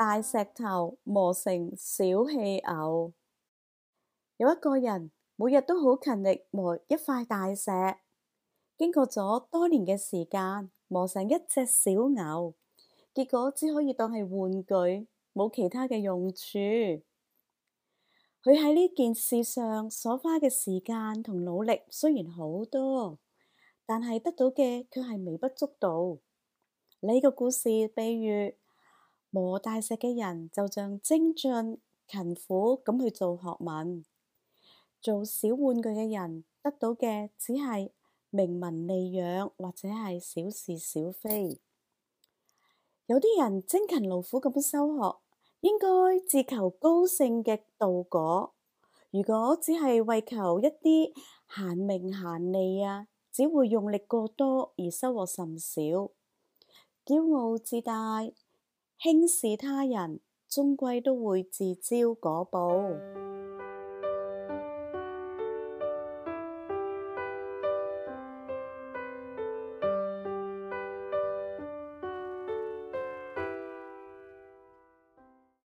大石頭磨成小戲牛。有一個人每日都好勤力磨一塊大石，經過咗多年嘅時間，磨成一隻小牛，結果只可以當係玩具，冇其他嘅用處。佢喺呢件事上所花嘅時間同努力雖然好多，但係得到嘅卻係微不足道。呢個故事比喻。磨大石嘅人，就像精進勤苦咁去做學問；做小玩具嘅人得到嘅只係名聞利養或者係小是小非。有啲人精勤勞苦咁樣修學，應該自求高勝嘅道果。如果只係為求一啲閒名閒利啊，只會用力過多而收穫甚少，驕傲自大，輕視他人，終歸都會自招果報。